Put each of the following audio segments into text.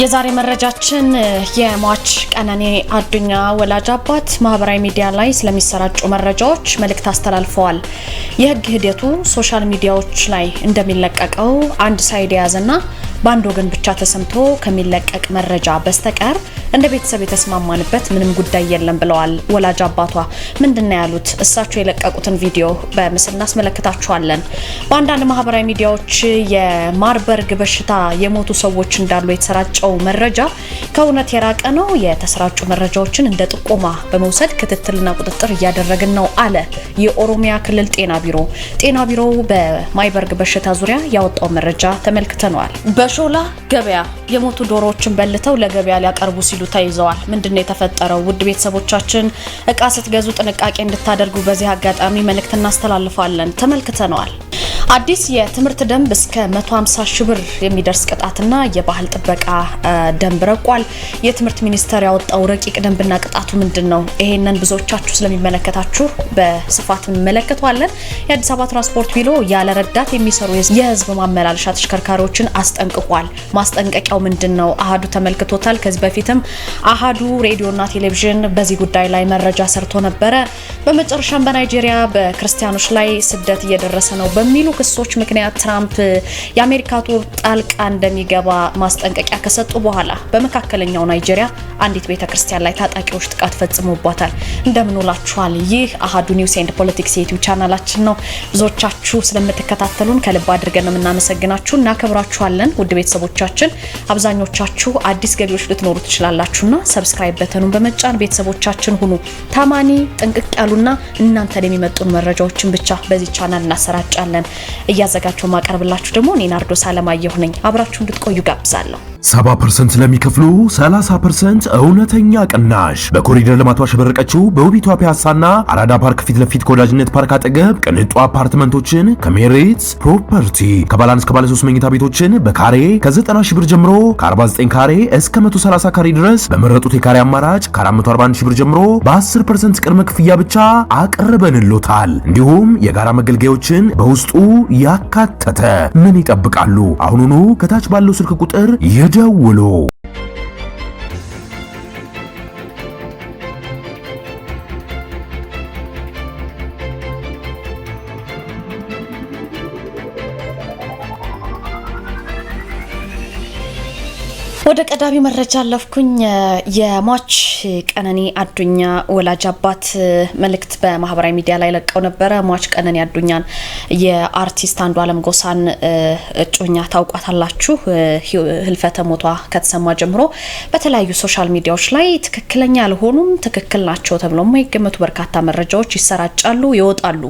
የዛሬ መረጃችን የሟች ቀነኔ አዱኛ ወላጅ አባት ማህበራዊ ሚዲያ ላይ ስለሚሰራጩ መረጃዎች መልእክት አስተላልፈዋል። የህግ ሂደቱ ሶሻል ሚዲያዎች ላይ እንደሚለቀቀው አንድ ሳይድ የያዘና በአንድ ወገን ብቻ ተሰምቶ ከሚለቀቅ መረጃ በስተቀር እንደ ቤተሰብ የተስማማንበት ምንም ጉዳይ የለም ብለዋል ወላጅ አባቷ። ምንድነው ያሉት? እሳቸው የለቀቁትን ቪዲዮ በምስል እናስመለክታችኋለን። በአንዳንድ ማህበራዊ ሚዲያዎች የማርበርግ በሽታ የሞቱ ሰዎች እንዳሉ የተሰራጨው መረጃ ከእውነት የራቀ ነው። የተሰራጩ መረጃዎችን እንደ ጥቆማ በመውሰድ ክትትልና ቁጥጥር እያደረግን ነው አለ የኦሮሚያ ክልል ጤና ቢሮ። ጤና ቢሮው በማይበርግ በሽታ ዙሪያ ያወጣው መረጃ ተመልክተነዋል። በሾላ ገበያ የሞቱ ዶሮዎችን በልተው ለገበያ ሊያቀርቡ ሲሉ ተይዘዋል። ምንድነው የተፈጠረው? ውድ ቤተሰቦቻችን እቃ ስትገዙ ጥንቃቄ እንድታደርጉ በዚህ አጋጣሚ መልእክት እናስተላልፋለን። ተመልክተነዋል። አዲስ የትምህርት ደንብ እስከ 150 ሺህ ብር የሚደርስ ቅጣትና የባህል ጥበቃ ደንብ ረቋል። የትምህርት ሚኒስቴር ያወጣው ረቂቅ ደንብና ቅጣቱ ምንድን ነው? ይሄንን ብዙዎቻችሁ ስለሚመለከታችሁ በስፋት እንመለከተዋለን። የአዲስ አበባ ትራንስፖርት ቢሮ ያለ ረዳት የሚሰሩ የህዝብ ማመላለሻ ተሽከርካሪዎችን አስጠንቅቋል። ማስጠንቀቂያው ምንድን ነው? አሀዱ ተመልክቶታል። ከዚህ በፊትም አህዱ ሬዲዮና ቴሌቪዥን በዚህ ጉዳይ ላይ መረጃ ሰርቶ ነበረ። በመጨረሻም በናይጄሪያ በክርስቲያኖች ላይ ስደት እየደረሰ ነው በሚሉ ክሶች ምክንያት ትራምፕ የአሜሪካ ጦር ጣልቃ እንደሚገባ ማስጠንቀቂያ ከሰጡ በኋላ በመካከለኛው ናይጄሪያ አንዲት ቤተ ክርስቲያን ላይ ታጣቂዎች ጥቃት ፈጽሞባታል። እንደምንውላችኋል። ይህ አሀዱ ኒውስ ኤንድ ፖለቲክስ የዩቲዩብ ቻናላችን ነው። ብዙዎቻችሁ ስለምትከታተሉን ከልብ አድርገን የምናመሰግናችሁ እናከብራችኋለን። ውድ ቤተሰቦቻችን አብዛኞቻችሁ አዲስ ገቢዎች ልትኖሩ ትችላላችሁና ሰብስክራይብ በተኑን በመጫን ቤተሰቦቻችን ሁኑ። ታማኒ ጥንቅቅ ያሉና እናንተን የሚመጡን መረጃዎችን ብቻ በዚህ ቻናል እናሰራጫለን። እያዘጋጀው ማቀርብላችሁ ደግሞ እኔ ናርዶስ አለማየሁ ነኝ። አብራችሁ እንድትቆዩ ጋብዛለሁ። 70% ለሚከፍሉ 30% እውነተኛ ቅናሽ በኮሪደር ልማቱ አሸበረቀችው በውቢቷ ፒያሳና አራዳ ፓርክ ፊት ለፊት ከወዳጅነት ፓርክ አጠገብ ቅንጡ አፓርትመንቶችን ከሜሪት ፕሮፐርቲ ከባለ 3 መኝታ ቤቶችን በካሬ ከ90 ሺህ ብር ጀምሮ ከ49 ካሬ እስከ 130 ካሬ ድረስ በመረጡት የካሬ አማራጭ ከ441 ሺህ ብር ጀምሮ በ10% ቅድመ ክፍያ ብቻ አቅርበንልዎታል። እንዲሁም የጋራ መገልገያዎችን በውስጡ ያካተተ ምን ይጠብቃሉ? አሁኑኑ ከታች ባለው ስልክ ቁጥር ይድ ይደውሉ። ወደ ቀዳሚ መረጃ አለፍኩኝ። የሟች ቀነኒ አዱኛ ወላጅ አባት መልእክት በማህበራዊ ሚዲያ ላይ ለቀው ነበረ። ሟች ቀነኒ አዱኛን የአርቲስት አንዱ አለም ጎሳን እጮኛ ታውቋታላችሁ። ህልፈተ ሞቷ ከተሰማ ጀምሮ በተለያዩ ሶሻል ሚዲያዎች ላይ ትክክለኛ ያልሆኑም ትክክል ናቸው ተብሎ የማይገመቱ በርካታ መረጃዎች ይሰራጫሉ፣ ይወጣሉ።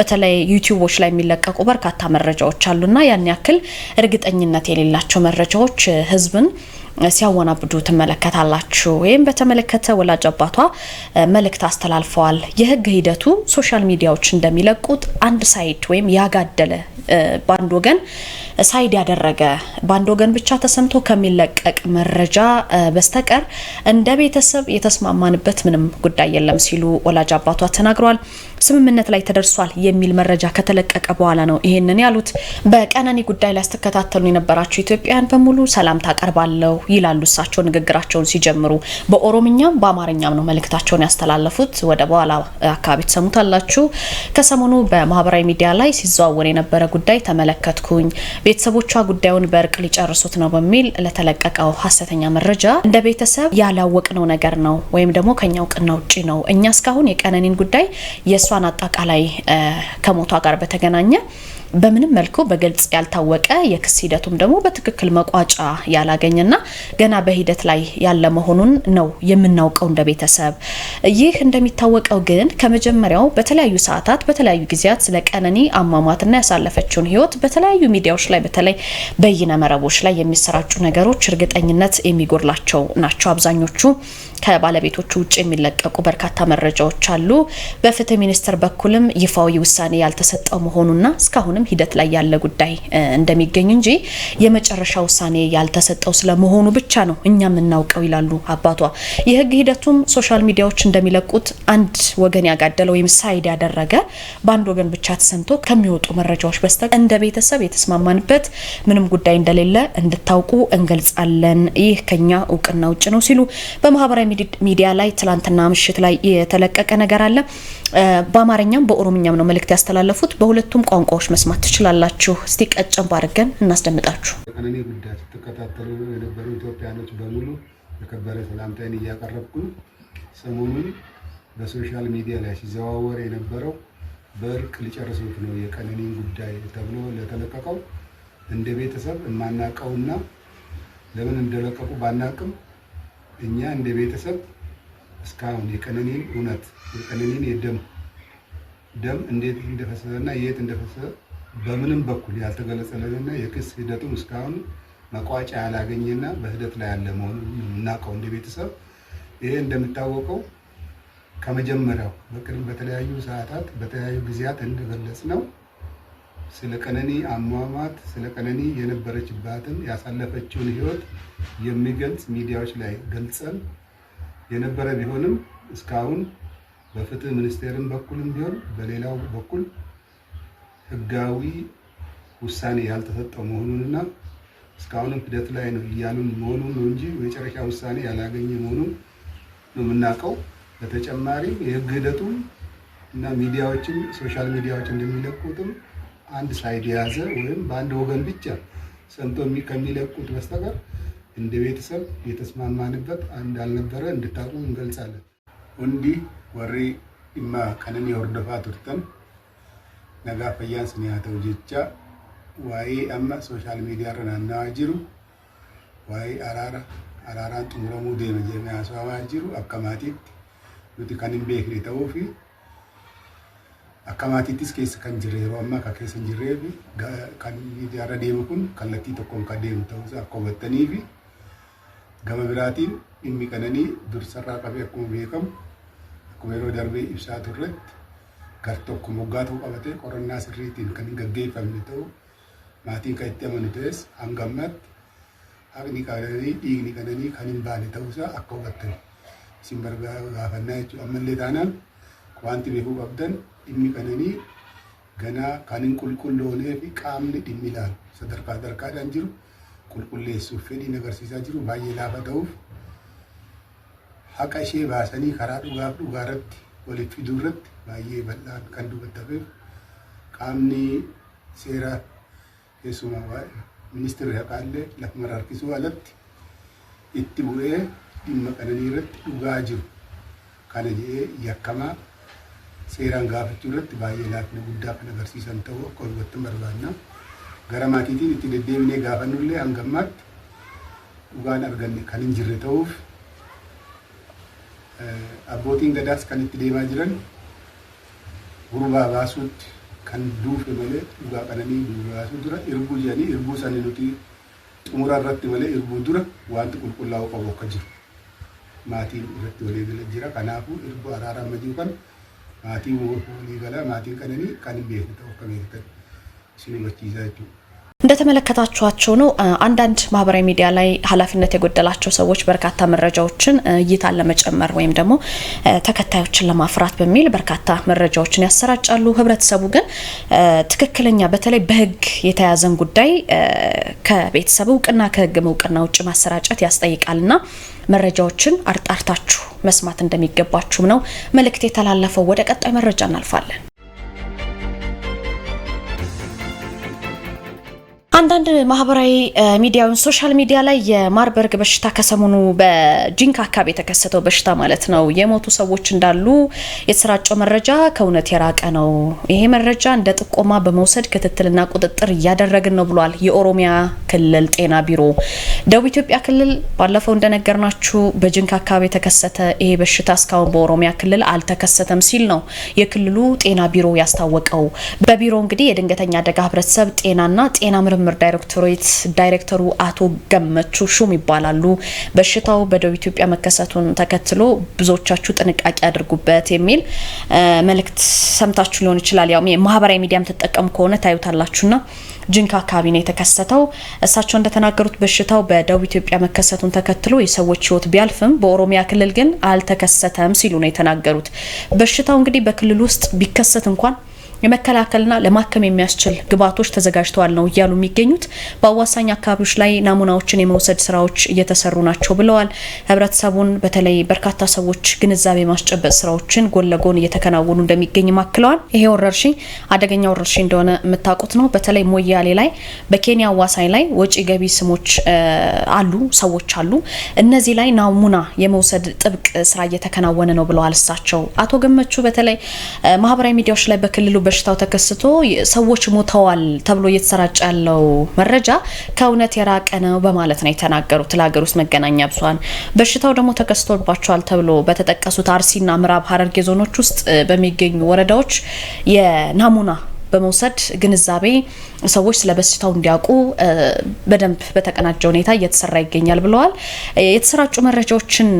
በተለይ ዩቲዩቦች ላይ የሚለቀቁ በርካታ መረጃዎች አሉና ያን ያክል እርግጠኝነት የሌላቸው መረጃዎች ህዝብን ሲያወናብዱ ትመለከታላችሁ። ይህም በተመለከተ ወላጅ አባቷ መልእክት አስተላልፈዋል። የህግ ሂደቱ ሶሻል ሚዲያዎች እንደሚለቁት አንድ ሳይድ ወይም ያጋደለ በአንድ ወገን ሳይድ ያደረገ በአንድ ወገን ብቻ ተሰምቶ ከሚለቀቅ መረጃ በስተቀር እንደ ቤተሰብ የተስማማንበት ምንም ጉዳይ የለም ሲሉ ወላጅ አባቷ ተናግረዋል። ስምምነት ላይ ተደርሷል የሚል መረጃ ከተለቀቀ በኋላ ነው ይህንን ያሉት። በቀነኒ ጉዳይ ላይ ስትከታተሉ የነበራችሁ ኢትዮጵያውያን በሙሉ ሰላም ታቀርባለሁ አለው ይላሉ እሳቸው ንግግራቸውን ሲጀምሩ። በኦሮምኛም በአማርኛም ነው መልእክታቸውን ያስተላለፉት። ወደ በኋላ አካባቢ ትሰሙታላችሁ። ከሰሞኑ በማህበራዊ ሚዲያ ላይ ሲዘዋወር የነበረ ጉዳይ ተመለከትኩኝ። ቤተሰቦቿ ጉዳዩን በእርቅ ሊጨርሱት ነው በሚል ለተለቀቀው ሀሰተኛ መረጃ እንደ ቤተሰብ ያላወቅነው ነገር ነው ወይም ደግሞ ከኛ እውቅና ውጭ ነው። እኛ እስካሁን የቀነኒን ጉዳይ የእሷን አጠቃላይ ከሞቷ ጋር በተገናኘ በምንም መልኩ በግልጽ ያልታወቀ የክስ ሂደቱም ደግሞ በትክክል መቋጫ ያላገኘና ገና በሂደት ላይ ያለ መሆኑን ነው የምናውቀው እንደ ቤተሰብ። ይህ እንደሚታወቀው ግን ከመጀመሪያው በተለያዩ ሰዓታት በተለያዩ ጊዜያት ስለ ቀነኒ አሟሟትና ያሳለፈችውን ህይወት በተለያዩ ሚዲያዎች ላይ በተለይ በይነ መረቦች ላይ የሚሰራጩ ነገሮች እርግጠኝነት የሚጎድላቸው ናቸው። አብዛኞቹ ከባለቤቶቹ ውጭ የሚለቀቁ በርካታ መረጃዎች አሉ። በፍትህ ሚኒስቴር በኩልም ይፋዊ ውሳኔ ያልተሰጠው መሆኑና እስካሁን አሁንም ሂደት ላይ ያለ ጉዳይ እንደሚገኝ እንጂ የመጨረሻ ውሳኔ ያልተሰጠው ስለመሆኑ ብቻ ነው እኛ የምናውቀው ይላሉ አባቷ። የህግ ሂደቱም ሶሻል ሚዲያዎች እንደሚለቁት አንድ ወገን ያጋደለ ወይም ሳይድ ያደረገ በአንድ ወገን ብቻ ተሰምቶ ከሚወጡ መረጃዎች በስተቀር እንደ ቤተሰብ የተስማማንበት ምንም ጉዳይ እንደሌለ እንድታውቁ እንገልጻለን። ይህ ከኛ እውቅና ውጭ ነው ሲሉ በማህበራዊ ሚዲያ ላይ ትላንትና ምሽት ላይ የተለቀቀ ነገር አለ። በአማርኛም በኦሮምኛም ነው መልእክት ያስተላለፉት። በሁለቱም ቋንቋዎች መስማ መስማት ትችላላችሁ። እስቲ ቀጨን ባርገን እናስደምጣችሁ። ቀነኒ ጉዳይ ስትከታተሉ የነበሩ ኢትዮጵያኖች በሙሉ የከበረ ሰላምታዬን እያቀረብኩ ሰሞኑን በሶሻል ሚዲያ ላይ ሲዘዋወር የነበረው በእርቅ ሊጨርሱት ነው የቀነኒን ጉዳይ ተብሎ ለተለቀቀው እንደ ቤተሰብ የማናቀውና ለምን እንደለቀቁ ባናቅም እኛ እንደ ቤተሰብ እስካሁን የቀነኒን እውነት የቀነኒን የደም ደም እንዴት እንደፈሰሰ እና የት እንደፈሰሰ በምንም በኩል ያልተገለጸልንና የክስ ሂደቱን እስካሁን መቋጫ ያላገኘና በሂደት ላይ ያለ መሆኑን የምናውቀው እንደ ቤተሰብ ይሄ እንደሚታወቀው ከመጀመሪያው በቅድም በተለያዩ ሰዓታት በተለያዩ ጊዜያት እንደገለጽ ነው ስለ ቀነኒ አሟሟት ስለ ቀነኒ የነበረችባትን ያሳለፈችውን ህይወት የሚገልጽ ሚዲያዎች ላይ ገልጸን የነበረ ቢሆንም እስካሁን በፍትህ ሚኒስቴርም በኩልም ቢሆን በሌላው በኩል ህጋዊ ውሳኔ ያልተሰጠው መሆኑንና እስካሁንም ሂደት ላይ ነው እያሉን መሆኑን ነው እንጂ የመጨረሻ ውሳኔ ያላገኘ መሆኑን ነው የምናውቀው። በተጨማሪም የህግ ሂደቱም እና ሚዲያዎችን ሶሻል ሚዲያዎች እንደሚለቁትም አንድ ሳይድ የያዘ ወይም በአንድ ወገን ብቻ ሰምቶ ከሚለቁት በስተቀር እንደ ቤተሰብ የተስማማንበት እንዳልነበረ እንድታቁ እንገልጻለን። እንዲ ወሬ ይማ ከነን ወርደፋ ቱርተን nagaa fayyaansa ni haa ta'u jecha waa'ee amma sooshaal miidiyaa irra naanna'aa jiru waa'ee araara araaraan xumuramuu deema jedhamee haasawaa jiru akka maatiitti nuti kan hin beekne ta'uu fi akka maatiittis keessa kan jirre yeroo ammaa kan keessa hin jirree fi kan miidiyaa irra deemu kun kallattii tokkoon kan deemu ta'uusaa akka hubattanii fi gama biraatiin dhimmi qananii dursarraa qabee akkuma beekamu akkuma yeroo darbee ibsaa turretti gartokko moggaa qabatee qorannaa sirriitiin kan hin gaggeeffamne ta'u maatiin kan itti amanu ta'es hanga ammatti haqni qananii dhiigni qananii kan hin baane ta'uusaa akka hubattan isin bargaafannaa jechuudha ammallee taanaan wanti beekuu qabdan dhimmi qananii ganaa kan hin qulqulloonee fi qaamni dhimmi ilaalu sadarkaa sadarkaadhaan jiru qulqulleessuuf fedhiin agarsiisaa jiru baay'ee laafa ta'uuf haqa ishee baasanii karaa dhugaaf dhugaarratti walitti fiduurratti baay'ee bal'aan kan dubbatameef qaamni seeraa keessumaa waa'ee ministeerri haqaallee lafa harkisuu alatti itti bu'ee dhimma qananii irratti dhugaa jiru kana jedhee yakkamaa seeraan gaafachuu irratti baay'ee laafina guddaa kan agarsiisan ta'uu akka hubattan barbaadna. Gara maatiitiin itti deddeebinee gaafannu illee hangammaatti dhugaan arganne kan hin jirre ta'uuf abbootiin gadaas kan itti deemaa jiran gurbaa baasuutti kan duufe malee dhugaa qananii duuba baasuu dura irbuu jedhanii irbuu isaanii nuti xumura irratti malee irbuu dura wanti qulqullaa'u qabu akka jiru maatiin irratti walii gala jira kanaafuu irbu araara ammayyuu kan maatii walii gala maatiin qananii kan hin beeku ta'u akka beektan isin hubachiisaa jechuudha. እንደተመለከታችኋቸው ነው። አንዳንድ ማህበራዊ ሚዲያ ላይ ኃላፊነት የጎደላቸው ሰዎች በርካታ መረጃዎችን እይታን ለመጨመር ወይም ደግሞ ተከታዮችን ለማፍራት በሚል በርካታ መረጃዎችን ያሰራጫሉ። ህብረተሰቡ ግን ትክክለኛ በተለይ በህግ የተያዘን ጉዳይ ከቤተሰብ እውቅና ከህግም እውቅና ውጭ ማሰራጨት ያስጠይቃልና መረጃዎችን አርጣርታችሁ መስማት እንደሚገባችሁም ነው መልእክት የተላለፈው። ወደ ቀጣይ መረጃ እናልፋለን። አንዳንድ ማህበራዊ ሚዲያውን ሶሻል ሚዲያ ላይ የማርበርግ በሽታ ከሰሞኑ በጂንካ አካባቢ የተከሰተው በሽታ ማለት ነው የሞቱ ሰዎች እንዳሉ የተሰራጨው መረጃ ከእውነት የራቀ ነው። ይሄ መረጃ እንደ ጥቆማ በመውሰድ ክትትልና ቁጥጥር እያደረግን ነው ብሏል የኦሮሚያ ክልል ጤና ቢሮ። ደቡብ ኢትዮጵያ ክልል ባለፈው እንደነገርናችሁ በጂንካ አካባቢ የተከሰተ ይሄ በሽታ እስካሁን በኦሮሚያ ክልል አልተከሰተም ሲል ነው የክልሉ ጤና ቢሮ ያስታወቀው። በቢሮ እንግዲህ የድንገተኛ አደጋ ህብረተሰብ ጤናና ጤና ምርምር ምርምር ዳይሬክቶሬት ዳይሬክተሩ አቶ ገመቹ ሹም ይባላሉ። በሽታው በደቡብ ኢትዮጵያ መከሰቱን ተከትሎ ብዙዎቻችሁ ጥንቃቄ አድርጉበት የሚል መልእክት ሰምታችሁ ሊሆን ይችላል። ያው ማህበራዊ ሚዲያም ተጠቀሙ ከሆነ ታዩታላችሁና ጅንካ አካባቢ ነው የተከሰተው። እሳቸው እንደተናገሩት በሽታው በደቡብ ኢትዮጵያ መከሰቱን ተከትሎ የሰዎች ህይወት ቢያልፍም በኦሮሚያ ክልል ግን አልተከሰተም ሲሉ ነው የተናገሩት። በሽታው እንግዲህ በክልል ውስጥ ቢከሰት እንኳን የመከላከልና ለማከም የሚያስችል ግብዓቶች ተዘጋጅተዋል ነው እያሉ የሚገኙት። በአዋሳኝ አካባቢዎች ላይ ናሙናዎችን የመውሰድ ስራዎች እየተሰሩ ናቸው ብለዋል። ህብረተሰቡን በተለይ በርካታ ሰዎች ግንዛቤ ማስጨበጥ ስራዎችን ጎን ለጎን እየተከናወኑ እንደሚገኝ ማክለዋል። ይሄ ወረርሽኝ አደገኛ ወረርሽኝ እንደሆነ የምታውቁት ነው። በተለይ ሞያሌ ላይ በኬንያ አዋሳኝ ላይ ወጪ ገቢ ስሞች አሉ፣ ሰዎች አሉ። እነዚህ ላይ ናሙና የመውሰድ ጥብቅ ስራ እየተከናወነ ነው ብለዋል እሳቸው አቶ ገመቹ በተለይ ማህበራዊ ሚዲያዎች ላይ በክልሉ በሽታው ተከስቶ ሰዎች ሞተዋል ተብሎ እየተሰራጨ ያለው መረጃ ከእውነት የራቀ ነው በማለት ነው የተናገሩት ለሀገር ውስጥ መገናኛ ብዙኃን። በሽታው ደግሞ ተከስቶባቸዋል ተብሎ በተጠቀሱት አርሲና ምዕራብ ሐረርጌ ዞኖች ውስጥ በሚገኙ ወረዳዎች የናሙና በመውሰድ ግንዛቤ ሰዎች ስለ በሽታው እንዲያውቁ በደንብ በተቀናጀ ሁኔታ እየተሰራ ይገኛል ብለዋል። የተሰራጩ መረጃዎችን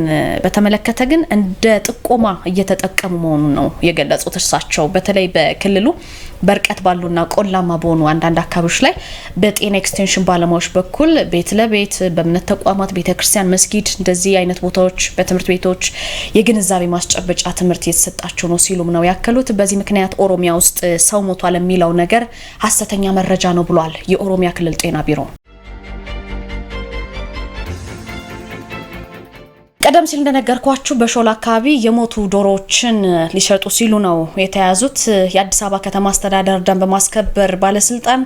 በተመለከተ ግን እንደ ጥቆማ እየተጠቀሙ መሆኑን ነው የገለጹት። እርሳቸው በተለይ በክልሉ በርቀት ባሉና ቆላማ በሆኑ አንዳንድ አካባቢዎች ላይ በጤና ኤክስቴንሽን ባለሙያዎች በኩል ቤት ለቤት በእምነት ተቋማት፣ ቤተክርስቲያን፣ መስጊድ እንደዚህ አይነት ቦታዎች በትምህርት ቤቶች የግንዛቤ ማስጨበጫ ትምህርት የተሰጣቸው ነው ሲሉም ነው ያከሉት። በዚህ ምክንያት ኦሮሚያ ውስጥ ሰው ሞቷል የሚለው ነገር ሀሰተኛ መረጃ ነው ብሏል የኦሮሚያ ክልል ጤና ቢሮ። ቀደም ሲል እንደነገርኳችሁ በሾላ አካባቢ የሞቱ ዶሮዎችን ሊሸጡ ሲሉ ነው የተያዙት። የአዲስ አበባ ከተማ አስተዳደር ደንብ ማስከበር ባለስልጣን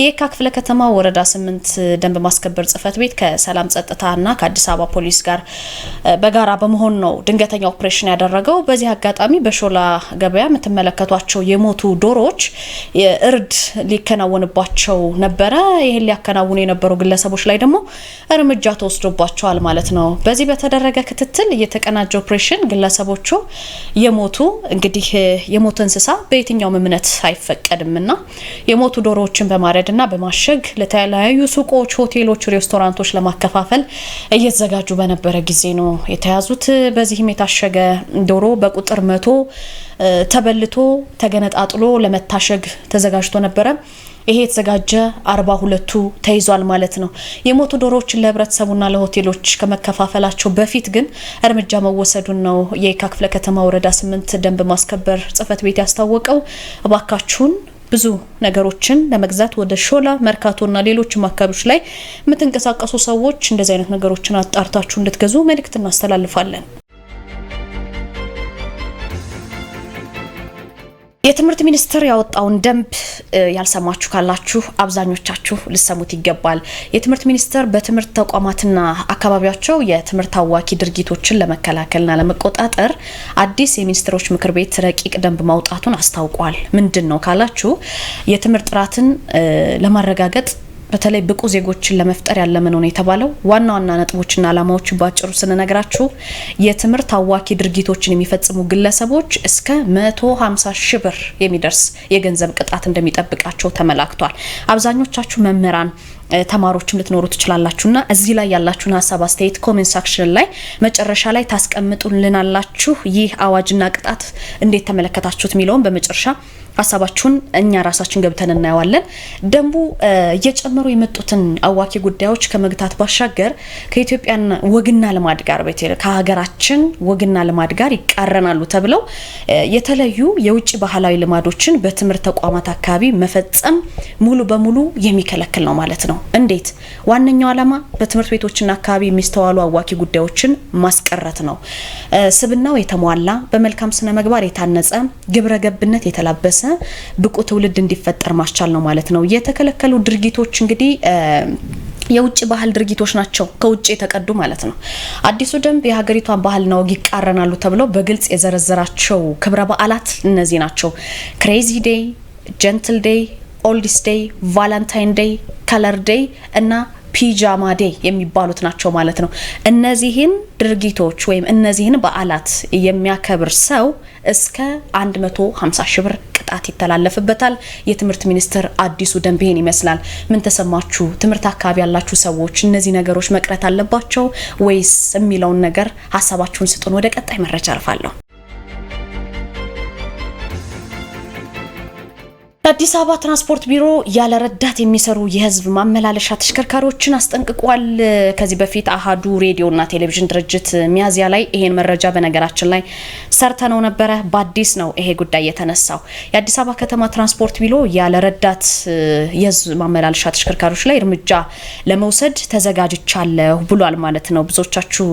የካ ክፍለ ከተማ ወረዳ ስምንት ደንብ ማስከበር ጽህፈት ቤት ከሰላም ጸጥታና ከአዲስ አበባ ፖሊስ ጋር በጋራ በመሆን ነው ድንገተኛ ኦፕሬሽን ያደረገው። በዚህ አጋጣሚ በሾላ ገበያ የምትመለከቷቸው የሞቱ ዶሮዎች እርድ ሊከናወንባቸው ነበረ። ይህን ሊያከናውኑ የነበሩ ግለሰቦች ላይ ደግሞ እርምጃ ተወስዶባቸዋል ማለት ነው። በዚህ በተደረገ ክትትል የተቀናጀ ኦፕሬሽን ግለሰቦቹ የሞቱ እንግዲህ የሞቱ እንስሳ በየትኛውም እምነት አይፈቀድም እና የሞቱ ዶሮዎችን በማረድ እና በማሸግ ለተለያዩ ሱቆች፣ ሆቴሎች፣ ሬስቶራንቶች ለማከፋፈል እየተዘጋጁ በነበረ ጊዜ ነው የተያዙት። በዚህም የታሸገ ዶሮ በቁጥር መቶ ተበልቶ ተገነጣጥሎ ለመታሸግ ተዘጋጅቶ ነበረ። ይሄ የተዘጋጀ አርባ ሁለቱ ተይዟል ማለት ነው። የሞቱ ዶሮዎችን ለህብረተሰቡና ለሆቴሎች ከመከፋፈላቸው በፊት ግን እርምጃ መወሰዱን ነው የካ ክፍለ ከተማ ወረዳ ስምንት ደንብ ማስከበር ጽህፈት ቤት ያስታወቀው። እባካችሁን ብዙ ነገሮችን ለመግዛት ወደ ሾላ መርካቶና ሌሎችም አካባቢዎች ላይ የምትንቀሳቀሱ ሰዎች እንደዚህ አይነት ነገሮችን አጣርታችሁ እንድትገዙ መልእክት እናስተላልፋለን። የትምህርት ሚኒስቴር ያወጣውን ደንብ ያልሰማችሁ ካላችሁ አብዛኞቻችሁ ልሰሙት ይገባል። የትምህርት ሚኒስቴር በትምህርት ተቋማትና አካባቢያቸው የትምህርት አዋኪ ድርጊቶችን ለመከላከልና ለመቆጣጠር አዲስ የሚኒስትሮች ምክር ቤት ረቂቅ ደንብ ማውጣቱን አስታውቋል። ምንድን ነው ካላችሁ የትምህርት ጥራትን ለማረጋገጥ በተለይ ብቁ ዜጎችን ለመፍጠር ያለመ ሆነ የተባለው። ዋና ዋና ነጥቦችና ዓላማዎች ባጭሩ ስንነግራችሁ የትምህርት አዋኪ ድርጊቶችን የሚፈጽሙ ግለሰቦች እስከ 150 ሺህ ብር የሚደርስ የገንዘብ ቅጣት እንደሚጠብቃቸው ተመላክቷል። አብዛኞቻችሁ መምህራን ተማሪዎችም ልትኖሩ ትችላላችሁና እዚህ ላይ ያላችሁን ሀሳብ አስተያየት ኮሜንት ሳክሽን ላይ መጨረሻ ላይ ታስቀምጡልናላችሁ። ይህ አዋጅና ቅጣት እንዴት ተመለከታችሁት የሚለውን በመጨረሻ ሀሳባችሁን እኛ ራሳችን ገብተን እናየዋለን። ደንቡ እየጨመሩ የመጡትን አዋኪ ጉዳዮች ከመግታት ባሻገር ከኢትዮጵያ ወግና ልማድ ጋር ከሀገራችን ወግና ልማድ ጋር ይቃረናሉ ተብለው የተለዩ የውጭ ባህላዊ ልማዶችን በትምህርት ተቋማት አካባቢ መፈጸም ሙሉ በሙሉ የሚከለክል ነው ማለት ነው። እንዴት? ዋነኛው ዓላማ በትምህርት ቤቶችና አካባቢ የሚስተዋሉ አዋኪ ጉዳዮችን ማስቀረት ነው። ስብናው የተሟላ በመልካም ስነ ምግባር የታነጸ ግብረ ገብነት የተላበሰ ብቁ ትውልድ እንዲፈጠር ማስቻል ነው ማለት ነው። የተከለከሉ ድርጊቶች እንግዲህ የውጭ ባህል ድርጊቶች ናቸው፣ ከውጭ የተቀዱ ማለት ነው። አዲሱ ደንብ የሀገሪቷን ባህልና ወግ ይቃረናሉ ተብለው በግልጽ የዘረዘራቸው ክብረ በዓላት እነዚህ ናቸው፦ ክሬዚ ዴይ፣ ጀንትል ዴይ ኦልዲስ ዴይ፣ ቫለንታይን ዴይ፣ ከለር ዴይ እና ፒጃማ ዴይ የሚባሉት ናቸው ማለት ነው። እነዚህን ድርጊቶች ወይም እነዚህን በዓላት የሚያከብር ሰው እስከ 150 ሺህ ብር ቅጣት ይተላለፍበታል። የትምህርት ሚኒስትር አዲሱ ደንብ ይህን ይመስላል። ምን ተሰማችሁ? ትምህርት አካባቢ ያላችሁ ሰዎች እነዚህ ነገሮች መቅረት አለባቸው ወይስ የሚለውን ነገር ሀሳባችሁን ስጡን። ወደ ቀጣይ መረጃ አልፋለሁ። የአዲስ አበባ ትራንስፖርት ቢሮ ያለ ረዳት የሚሰሩ የህዝብ ማመላለሻ ተሽከርካሪዎችን አስጠንቅቋል። ከዚህ በፊት አሃዱ ሬዲዮና ቴሌቪዥን ድርጅት ሚያዝያ ላይ ይሄን መረጃ በነገራችን ላይ ሰርተነው ነበረ። በአዲስ ነው ይሄ ጉዳይ የተነሳው። የአዲስ አበባ ከተማ ትራንስፖርት ቢሮ ያለ ረዳት የህዝብ ማመላለሻ ተሽከርካሪዎች ላይ እርምጃ ለመውሰድ ተዘጋጅቻለሁ ብሏል ማለት ነው። ብዙዎቻችሁ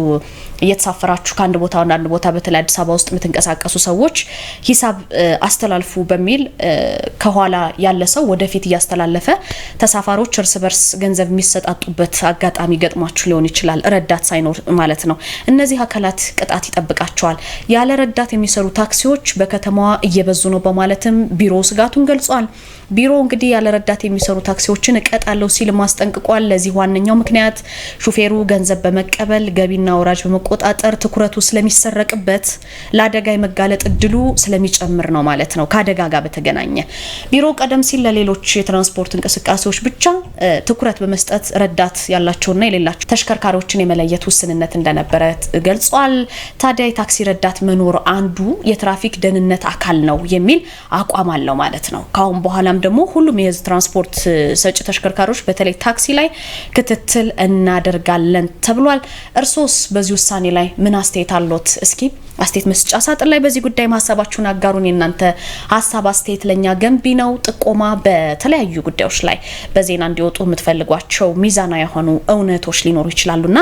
እየተሳፈራችሁ ከአንድ ቦታ ወደ አንድ ቦታ በተለይ አዲስ አበባ ውስጥ የምትንቀሳቀሱ ሰዎች ሂሳብ አስተላልፉ በሚል ከ ከኋላ ያለ ሰው ወደፊት እያስተላለፈ ተሳፋሪዎች እርስ በርስ ገንዘብ የሚሰጣጡበት አጋጣሚ ገጥሟችሁ ሊሆን ይችላል፣ ረዳት ሳይኖር ማለት ነው። እነዚህ አካላት ቅጣት ይጠብቃቸዋል። ያለ ረዳት የሚሰሩ ታክሲዎች በከተማዋ እየበዙ ነው በማለትም ቢሮ ስጋቱን ገልጿል። ቢሮ እንግዲህ ያለረዳት የሚሰሩ ታክሲዎችን እቀጣለሁ ሲል ማስጠንቅቋል። ለዚህ ዋነኛው ምክንያት ሹፌሩ ገንዘብ በመቀበል ገቢና ወራጅ በመቆጣጠር ትኩረቱ ስለሚሰረቅበት ለአደጋ የመጋለጥ እድሉ ስለሚጨምር ነው ማለት ነው። ከአደጋ ጋር በተገናኘ ቢሮ ቀደም ሲል ለሌሎች የትራንስፖርት እንቅስቃሴዎች ብቻ ትኩረት በመስጠት ረዳት ያላቸውና የሌላቸው ተሽከርካሪዎችን የመለየት ውስንነት እንደነበረ ገልጿል። ታዲያ የታክሲ ረዳት መኖር አንዱ የትራፊክ ደህንነት አካል ነው የሚል አቋም አለው ማለት ነው። ካሁን በኋላ እናም ደግሞ ሁሉም የህዝብ ትራንስፖርት ሰጪ ተሽከርካሪዎች በተለይ ታክሲ ላይ ክትትል እናደርጋለን ተብሏል። እርሶስ በዚህ ውሳኔ ላይ ምን አስተያየት አሎት? እስኪ አስተያየት መስጫ ሳጥን ላይ በዚህ ጉዳይ ሀሳባችሁን አጋሩን። የእናንተ ሀሳብ አስተያየት ለእኛ ገንቢ ነው። ጥቆማ በተለያዩ ጉዳዮች ላይ በዜና እንዲወጡ የምትፈልጓቸው ሚዛና የሆኑ እውነቶች ሊኖሩ ይችላሉና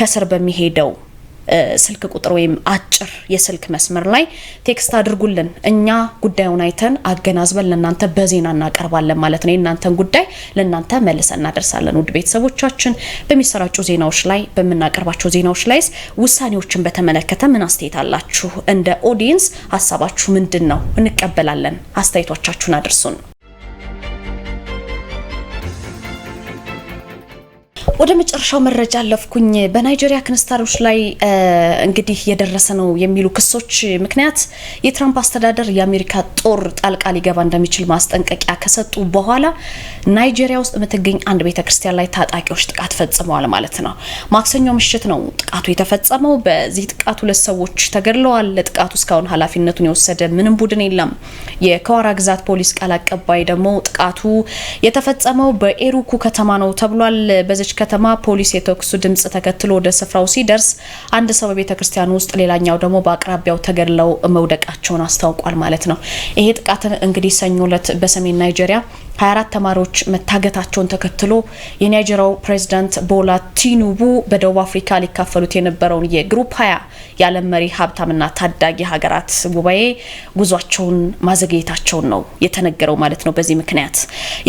ከስር በሚሄደው ስልክ ቁጥር ወይም አጭር የስልክ መስመር ላይ ቴክስት አድርጉልን። እኛ ጉዳዩን አይተን አገናዝበን ለእናንተ በዜና እናቀርባለን ማለት ነው። የእናንተን ጉዳይ ለእናንተ መልሰን እናደርሳለን። ውድ ቤተሰቦቻችን፣ በሚሰራጩ ዜናዎች ላይ በምናቀርባቸው ዜናዎች ላይስ ውሳኔዎችን በተመለከተ ምን አስተያየት አላችሁ? እንደ ኦዲየንስ ሀሳባችሁ ምንድን ነው? እንቀበላለን። አስተያየቶቻችሁን አድርሱን። ወደ መጨረሻው መረጃ አለፍኩኝ። በናይጄሪያ ክንስታሮች ላይ እንግዲህ የደረሰ ነው የሚሉ ክሶች ምክንያት የትራምፕ አስተዳደር የአሜሪካ ጦር ጣልቃ ሊገባ እንደሚችል ማስጠንቀቂያ ከሰጡ በኋላ ናይጄሪያ ውስጥ የምትገኝ አንድ ቤተ ክርስቲያን ላይ ታጣቂዎች ጥቃት ፈጽመዋል ማለት ነው። ማክሰኞ ምሽት ነው ጥቃቱ የተፈጸመው። በዚህ ጥቃት ሁለት ሰዎች ተገድለዋል። ለጥቃቱ እስካሁን ኃላፊነቱን የወሰደ ምንም ቡድን የለም። የከዋራ ግዛት ፖሊስ ቃል አቀባይ ደግሞ ጥቃቱ የተፈጸመው በኤሩኩ ከተማ ነው ተብሏል። በዚች ከተማ ፖሊስ የተኩሱ ድምጽ ተከትሎ ወደ ስፍራው ሲደርስ አንድ ሰው በቤተ ክርስቲያኑ ውስጥ፣ ሌላኛው ደግሞ በአቅራቢያው ተገድለው መውደቃቸውን አስታውቋል ማለት ነው። ይሄ ጥቃት እንግዲህ ሰኞ በሰሜን ናይጄሪያ 24 ተማሪዎች መታገታቸውን ተከትሎ የናይጀሪያው ፕሬዚዳንት ቦላ ቲኑቡ በደቡብ አፍሪካ ሊካፈሉት የነበረውን የግሩፕ 20 የዓለም መሪ ሀብታምና ታዳጊ ሀገራት ጉባኤ ጉዟቸውን ማዘግየታቸውን ነው የተነገረው ማለት ነው። በዚህ ምክንያት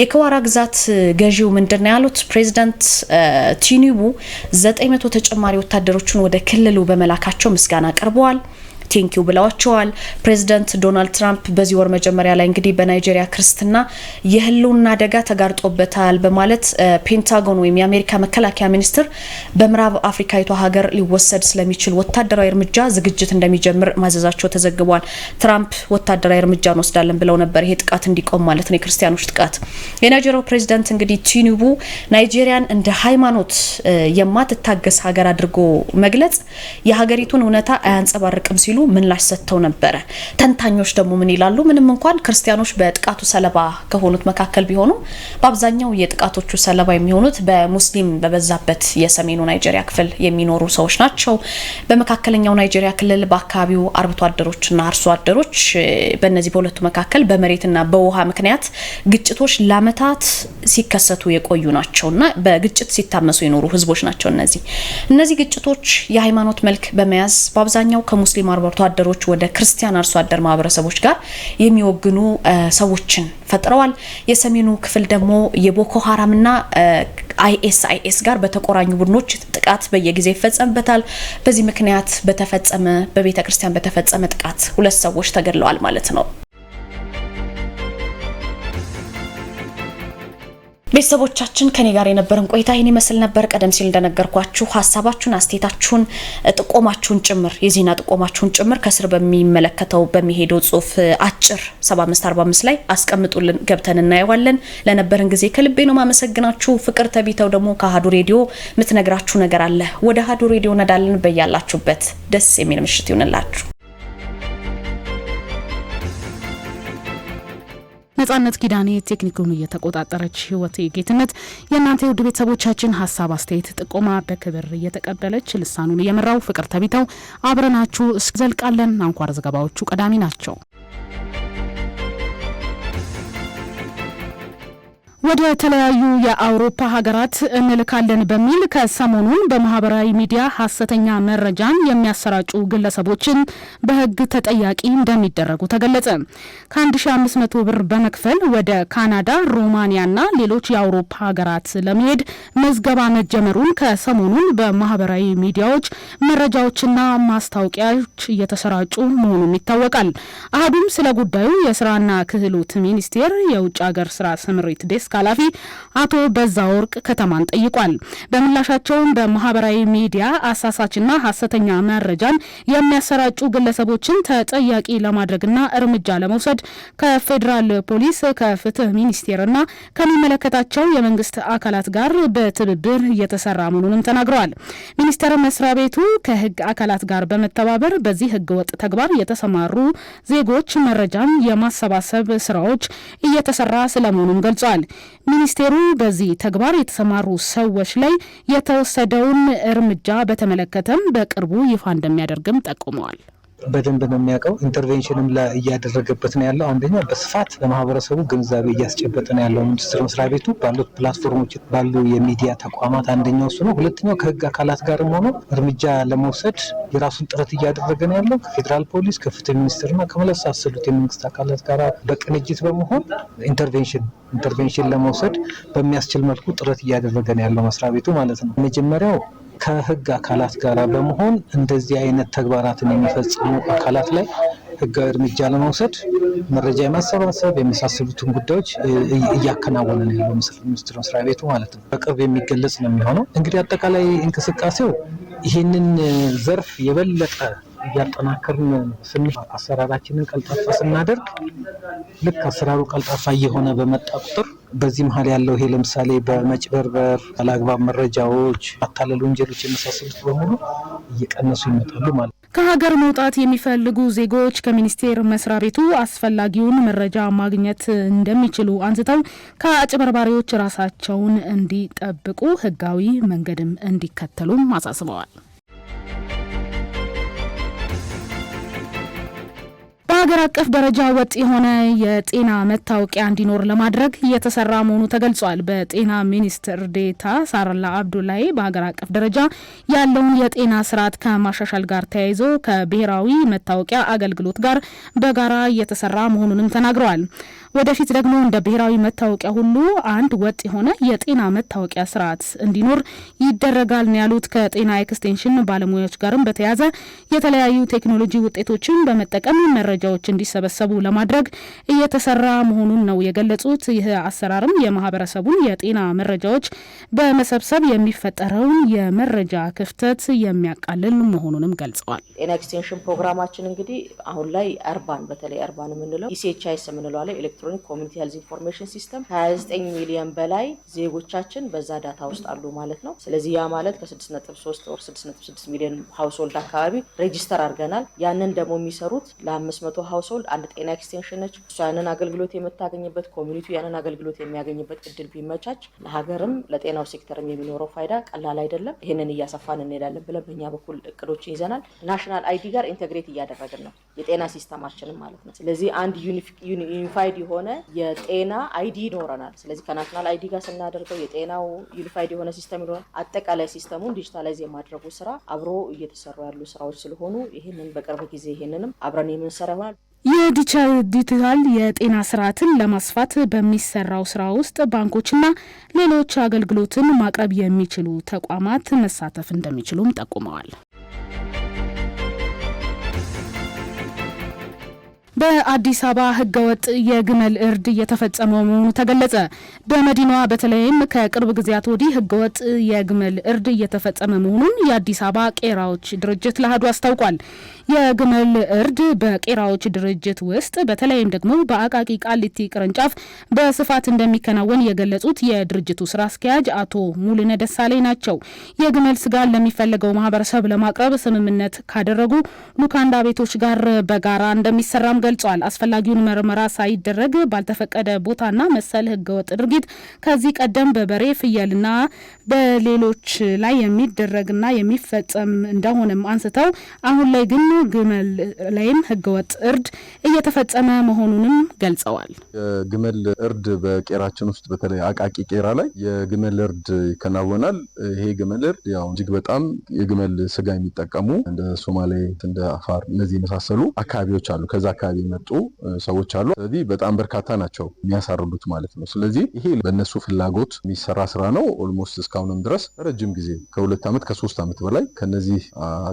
የከዋራ ግዛት ገዢው ምንድን ነው ያሉት? ፕሬዚዳንት ቲኑቡ 900 ተጨማሪ ወታደሮችን ወደ ክልሉ በመላካቸው ምስጋና አቅርበዋል። ቴንኪዩ ብለዋቸዋል። ፕሬዚደንት ዶናልድ ትራምፕ በዚህ ወር መጀመሪያ ላይ እንግዲህ በናይጄሪያ ክርስትና የህልውና አደጋ ተጋርጦበታል በማለት ፔንታጎን ወይም የአሜሪካ መከላከያ ሚኒስትር በምዕራብ አፍሪካዊቷ ሀገር ሊወሰድ ስለሚችል ወታደራዊ እርምጃ ዝግጅት እንደሚጀምር ማዘዛቸው ተዘግቧል። ትራምፕ ወታደራዊ እርምጃ እንወስዳለን ብለው ነበር። ይሄ ጥቃት እንዲቆም ማለት ነው፣ የክርስቲያኖች ጥቃት። የናይጄሪያው ፕሬዚደንት እንግዲህ ቲኒቡ ናይጄሪያን እንደ ሃይማኖት የማትታገስ ሀገር አድርጎ መግለጽ የሀገሪቱን እውነታ አያንጸባርቅም ሲሉ ሲሉ ምላሽ ሰጥተው ነበረ። ተንታኞች ደግሞ ምን ይላሉ? ምንም እንኳን ክርስቲያኖች በጥቃቱ ሰለባ ከሆኑት መካከል ቢሆኑም በአብዛኛው የጥቃቶቹ ሰለባ የሚሆኑት በሙስሊም በበዛበት የሰሜኑ ናይጄሪያ ክፍል የሚኖሩ ሰዎች ናቸው። በመካከለኛው ናይጄሪያ ክልል በአካባቢው አርብቶ አደሮችና አርሶ አደሮች በእነዚህ በሁለቱ መካከል በመሬትና በውሃ ምክንያት ግጭቶች ለዓመታት ሲከሰቱ የቆዩ ናቸው እና በግጭት ሲታመሱ የኖሩ ህዝቦች ናቸው። እነዚህ እነዚህ ግጭቶች የሃይማኖት መልክ በመያዝ በአብዛኛው ከሙስሊም አርብቶ አደሮች ወደ ክርስቲያን አርሶ አደር ማህበረሰቦች ጋር የሚወግኑ ሰዎችን ፈጥረዋል። የሰሜኑ ክፍል ደግሞ የቦኮ ሀራምና አይኤስ አይኤስ ጋር በተቆራኙ ቡድኖች ጥቃት በየጊዜ ይፈጸምበታል። በዚህ ምክንያት በተፈጸመ በቤተ ክርስቲያን በተፈጸመ ጥቃት ሁለት ሰዎች ተገድለዋል ማለት ነው። ቤተሰቦቻችን ከኔ ጋር የነበረን ቆይታ ይህን ይመስል ነበር። ቀደም ሲል እንደነገርኳችሁ ሀሳባችሁን፣ አስተያየታችሁን፣ ጥቆማችሁን ጭምር የዜና ጥቆማችሁን ጭምር ከስር በሚመለከተው በሚሄደው ጽሁፍ አጭር 7545 ላይ አስቀምጡልን፣ ገብተን እናየዋለን። ለነበረን ጊዜ ከልቤ ነው ማመሰግናችሁ። ፍቅር ተቢተው ደግሞ ከአሀዱ ሬዲዮ የምትነግራችሁ ነገር አለ። ወደ አሀዱ ሬዲዮ ነዳልን። በያላችሁበት ደስ የሚል ምሽት ይሁንላችሁ። ነጻነት ኪዳኔ ቴክኒኩን እየተቆጣጠረች ህይወት ጌትነት የእናንተ ውድ ቤተሰቦቻችን ሀሳብ አስተያየት ጥቆማ በክብር እየተቀበለች ልሳኑን እየመራው ፍቅር ተቢተው አብረናችሁ እስዘልቃለን። አንኳር ዘገባዎቹ ቀዳሚ ናቸው ወደ ተለያዩ የአውሮፓ ሀገራት እንልካለን በሚል ከሰሞኑን በማህበራዊ ሚዲያ ሀሰተኛ መረጃን የሚያሰራጩ ግለሰቦችን በሕግ ተጠያቂ እንደሚደረጉ ተገለጸ። ከ1500 ብር በመክፈል ወደ ካናዳ፣ ሮማኒያና ሌሎች የአውሮፓ ሀገራት ለመሄድ መዝገባ መጀመሩን ከሰሞኑን በማህበራዊ ሚዲያዎች መረጃዎችና ማስታወቂያዎች እየተሰራጩ መሆኑን ይታወቃል። አህዱም ስለ ጉዳዩ የስራና ክህሎት ሚኒስቴር የውጭ ሀገር ስራ ስምሪት ዴስክ ኃላፊ አቶ በዛ ወርቅ ከተማን ጠይቋል። በምላሻቸውም በማህበራዊ ሚዲያ አሳሳችና ሀሰተኛ መረጃን የሚያሰራጩ ግለሰቦችን ተጠያቂ ለማድረግና እርምጃ ለመውሰድ ከፌዴራል ፖሊስ ከፍትህ ሚኒስቴርና ከሚመለከታቸው የመንግስት አካላት ጋር በትብብር እየተሰራ መሆኑንም ተናግረዋል። ሚኒስቴር መስሪያ ቤቱ ከህግ አካላት ጋር በመተባበር በዚህ ወጥ ተግባር የተሰማሩ ዜጎች መረጃን የማሰባሰብ ስራዎች እየተሰራ ስለመሆኑም ገልጿል። ሚኒስቴሩ በዚህ ተግባር የተሰማሩ ሰዎች ላይ የተወሰደውን እርምጃ በተመለከተም በቅርቡ ይፋ እንደሚያደርግም ጠቁመዋል። በደንብ ነው የሚያውቀው። ኢንተርቬንሽንም እያደረገበት ነው ያለው። አንደኛ በስፋት ለማህበረሰቡ ግንዛቤ እያስጨበጠ ነው ያለው ሚኒስቴር መስሪያ ቤቱ ባሉት ፕላትፎርሞች፣ ባሉ የሚዲያ ተቋማት አንደኛው እሱ ነው። ሁለተኛው ከህግ አካላት ጋርም ሆኖ እርምጃ ለመውሰድ የራሱን ጥረት እያደረገ ነው ያለው ከፌዴራል ፖሊስ ከፍትህ ሚኒስቴርና ከመለሳሰሉት የመንግስት አካላት ጋር በቅንጅት በመሆን ኢንተርቬንሽን ኢንተርቬንሽን ለመውሰድ በሚያስችል መልኩ ጥረት እያደረገ ነው ያለው መስሪያ ቤቱ ማለት ነው። መጀመሪያው ከህግ አካላት ጋር በመሆን እንደዚህ አይነት ተግባራትን የሚፈጽሙ አካላት ላይ ህጋዊ እርምጃ ለመውሰድ መረጃ የማሰባሰብ የመሳሰሉትን ጉዳዮች እያከናወነ ነው ያለው ሚኒስቴር መስሪያ ቤቱ ማለት ነው። በቅርብ የሚገለጽ ነው የሚሆነው። እንግዲህ አጠቃላይ እንቅስቃሴው ይህንን ዘርፍ የበለጠ እያጠናከርን ስንል አሰራራችንን ቀልጣፋ ስናደርግ ልክ አሰራሩ ቀልጣፋ እየሆነ በመጣ ቁጥር በዚህ መሀል ያለው ይሄ ለምሳሌ በመጭበርበር፣ አላግባብ መረጃዎች፣ አታለል ወንጀሎች የመሳሰሉት በሙሉ እየቀነሱ ይመጣሉ ማለት ነው። ከሀገር መውጣት የሚፈልጉ ዜጎች ከሚኒስቴር መስሪያ ቤቱ አስፈላጊውን መረጃ ማግኘት እንደሚችሉ አንስተው ከአጭበርባሪዎች ራሳቸውን እንዲጠብቁ ህጋዊ መንገድም እንዲከተሉም አሳስበዋል። በሀገር አቀፍ ደረጃ ወጥ የሆነ የጤና መታወቂያ እንዲኖር ለማድረግ እየተሰራ መሆኑ ተገልጿል። በጤና ሚኒስትር ዴታ ሳርላ አብዱላይ በሀገር አቀፍ ደረጃ ያለውን የጤና ስርዓት ከማሻሻል ጋር ተያይዞ ከብሔራዊ መታወቂያ አገልግሎት ጋር በጋራ እየተሰራ መሆኑንም ተናግረዋል። ወደፊት ደግሞ እንደ ብሔራዊ መታወቂያ ሁሉ አንድ ወጥ የሆነ የጤና መታወቂያ ስርዓት እንዲኖር ይደረጋል ነው ያሉት። ከጤና ኤክስቴንሽን ባለሙያዎች ጋርም በተያያዘ የተለያዩ ቴክኖሎጂ ውጤቶችን በመጠቀም መረጃዎች እንዲሰበሰቡ ለማድረግ እየተሰራ መሆኑን ነው የገለጹት። ይህ አሰራርም የማህበረሰቡን የጤና መረጃዎች በመሰብሰብ የሚፈጠረውን የመረጃ ክፍተት የሚያቃልል መሆኑንም ገልጸዋል። ጤና ኤክስቴንሽን ፕሮግራማችን እንግዲህ አሁን ላይ አርባን በተለይ አርባን የምንለው ኢሲኤችአይስ የምንለው ኤሌክትሮኒክ ኮሚኒቲ ሄልዝ ኢንፎርሜሽን ሲስተም 29 ሚሊዮን በላይ ዜጎቻችን በዛ ዳታ ውስጥ አሉ ማለት ነው። ስለዚህ ያ ማለት ከ6.3 ወር 6.6 ሚሊዮን ሀውስሆልድ አካባቢ ሬጂስተር አድርገናል። ያንን ደግሞ የሚሰሩት ለ500 ሀውስሆልድ አንድ ጤና ኤክስቴንሽን ነች። እሷ ያንን አገልግሎት የምታገኝበት ኮሚኒቲ ያንን አገልግሎት የሚያገኝበት እድል ቢመቻች ለሀገርም ለጤናው ሴክተርም የሚኖረው ፋይዳ ቀላል አይደለም። ይህንን እያሰፋን እንሄዳለን ብለን በእኛ በኩል እቅዶችን ይዘናል። ናሽናል አይዲ ጋር ኢንቴግሬት እያደረግን ነው የጤና ሲስተማችንም ማለት ነው። ስለዚህ አንድ ዩኒፋይድ የሆነ የሆነ የጤና አይዲ ይኖረናል። ስለዚህ ከናሽናል አይዲ ጋር ስናደርገው የጤናው ዩኒፋይድ የሆነ ሲስተም ይኖረ አጠቃላይ ሲስተሙን ዲጂታላይዝ የማድረጉ ስራ አብሮ እየተሰሩ ያሉ ስራዎች ስለሆኑ ይህንን በቅርብ ጊዜ ይህንንም አብረን የምንሰራ ይሆናል። የዲጂታል የጤና ስርዓትን ለማስፋት በሚሰራው ስራ ውስጥ ባንኮችና ሌሎች አገልግሎትን ማቅረብ የሚችሉ ተቋማት መሳተፍ እንደሚችሉም ጠቁመዋል። በአዲስ አበባ ህገወጥ የግመል እርድ እየተፈጸመ መሆኑ ተገለጸ። በመዲናዋ በተለይም ከቅርብ ጊዜያት ወዲህ ህገወጥ የግመል እርድ እየተፈጸመ መሆኑን የአዲስ አበባ ቄራዎች ድርጅት ለአሐዱ አስታውቋል። የግመል እርድ በቄራዎች ድርጅት ውስጥ በተለይም ደግሞ በአቃቂ ቃሊቲ ቅርንጫፍ በስፋት እንደሚከናወን የገለጹት የድርጅቱ ስራ አስኪያጅ አቶ ሙልነ ደሳሌ ናቸው። የግመል ስጋን ለሚፈለገው ማህበረሰብ ለማቅረብ ስምምነት ካደረጉ ሉካንዳ ቤቶች ጋር በጋራ እንደሚሰራም ገልጿል። አስፈላጊውን ምርመራ ሳይደረግ ባልተፈቀደ ቦታና መሰል ህገወጥ ድርጊት ከዚህ ቀደም በበሬ ፍየልና በሌሎች ላይ የሚደረግና የሚፈጸም እንደሆነም አንስተው አሁን ላይ ግን ግመል ላይም ህገወጥ እርድ እየተፈጸመ መሆኑንም ገልጸዋል። የግመል እርድ በቄራችን ውስጥ በተለይ አቃቂ ቄራ ላይ የግመል እርድ ይከናወናል። ይሄ ግመል እርድ ያው እጅግ በጣም የግመል ስጋ የሚጠቀሙ እንደ ሶማሌ፣ እንደ አፋር እነዚህ የመሳሰሉ አካባቢዎች አሉ። ከዛ አካባቢ የመጡ ሰዎች አሉ። ስለዚህ በጣም በርካታ ናቸው የሚያሳርዱት ማለት ነው። ስለዚህ ይሄ በእነሱ ፍላጎት የሚሰራ ስራ ነው። ኦልሞስት እስካሁንም ድረስ ረጅም ጊዜ ከሁለት ዓመት ከሶስት ዓመት በላይ ከነዚህ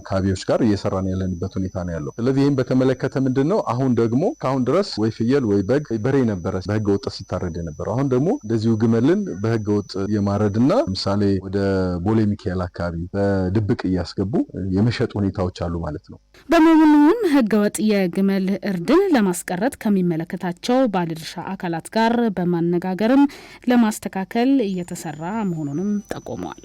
አካባቢዎች ጋር እየሰራን ያለንበት የሚሆንበት ሁኔታ ነው ያለው። ስለዚህ ይህም በተመለከተ ምንድን ነው አሁን ደግሞ ከአሁን ድረስ ወይ ፍየል ወይ በግ ወይ በሬ ነበረ በህገ ወጥ ሲታረድ የነበረው። አሁን ደግሞ እንደዚሁ ግመልን በህገ ወጥ የማረድና ለምሳሌ ወደ ቦሌ ሚካኤል አካባቢ በድብቅ እያስገቡ የመሸጥ ሁኔታዎች አሉ ማለት ነው። በመሆኑም ህገ ወጥ የግመል እርድን ለማስቀረት ከሚመለከታቸው ባለድርሻ አካላት ጋር በማነጋገርም ለማስተካከል እየተሰራ መሆኑንም ጠቁመዋል።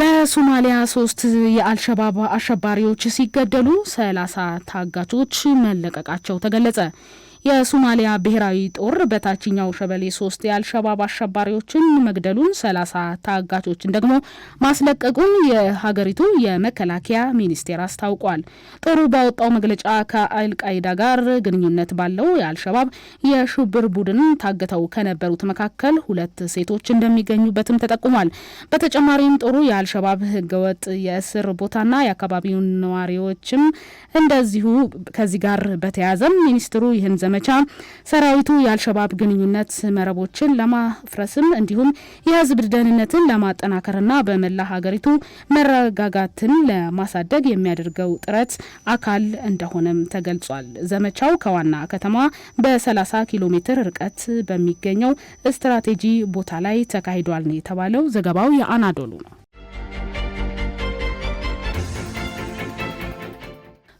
በሶማሊያ ሶስት የአልሸባብ አሸባሪዎች ሲገደሉ ሰላሳ ታጋቾች መለቀቃቸው ተገለጸ። የሱማሊያ ብሔራዊ ጦር በታችኛው ሸበሌ ሶስት የአልሸባብ አሸባሪዎችን መግደሉን፣ ሰላሳ ታጋቾችን ደግሞ ማስለቀቁን የሀገሪቱ የመከላከያ ሚኒስቴር አስታውቋል። ጦሩ ባወጣው መግለጫ ከአልቃይዳ ጋር ግንኙነት ባለው የአልሸባብ የሽብር ቡድን ታግተው ከነበሩት መካከል ሁለት ሴቶች እንደሚገኙበትም ተጠቁሟል። በተጨማሪም ጦሩ የአልሸባብ ህገወጥ የእስር ቦታና የአካባቢውን ነዋሪዎችም እንደዚሁ ከዚህ ጋር በተያያዘም ሚኒስትሩ ይህን ዘመ ዘመቻ ሰራዊቱ የአልሸባብ ግንኙነት መረቦችን ለማፍረስም እንዲሁም የህዝብ ደህንነትን ለማጠናከርና በመላ ሀገሪቱ መረጋጋትን ለማሳደግ የሚያደርገው ጥረት አካል እንደሆነም ተገልጿል። ዘመቻው ከዋና ከተማ በ30 ኪሎ ሜትር ርቀት በሚገኘው ስትራቴጂ ቦታ ላይ ተካሂዷል ነው የተባለው። ዘገባው የአናዶሉ ነው።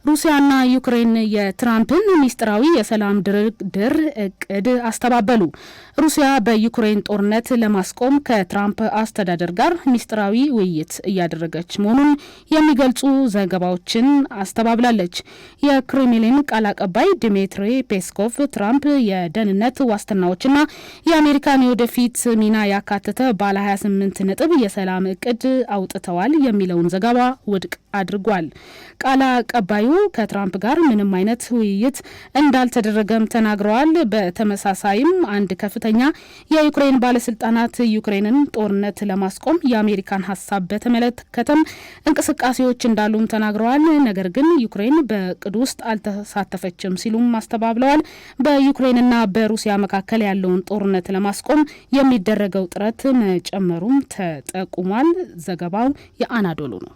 ሩሲያና ዩክሬን የትራምፕን ሚስጥራዊ የሰላም ድርድር እቅድ አስተባበሉ። ሩሲያ በዩክሬን ጦርነት ለማስቆም ከትራምፕ አስተዳደር ጋር ሚስጥራዊ ውይይት እያደረገች መሆኑን የሚገልጹ ዘገባዎችን አስተባብላለች። የክሬምሊን ቃል አቀባይ ድሜትሪ ፔስኮቭ ትራምፕ የደህንነት ዋስትናዎችና የአሜሪካን የወደፊት ሚና ያካተተ ባለ 28 ነጥብ የሰላም እቅድ አውጥተዋል የሚለውን ዘገባ ውድቅ አድርጓል። ቃል አቀባዩ ከትራምፕ ጋር ምንም አይነት ውይይት እንዳልተደረገም ተናግረዋል። በተመሳሳይም አንድ ከፍተኛ የዩክሬን ባለስልጣናት ዩክሬንን ጦርነት ለማስቆም የአሜሪካን ሀሳብ በተመለከተም እንቅስቃሴዎች እንዳሉም ተናግረዋል። ነገር ግን ዩክሬን በእቅዱ ውስጥ አልተሳተፈችም ሲሉም አስተባብለዋል። በዩክሬንና በሩሲያ መካከል ያለውን ጦርነት ለማስቆም የሚደረገው ጥረት መጨመሩም ተጠቁሟል። ዘገባው የአናዶሉ ነው።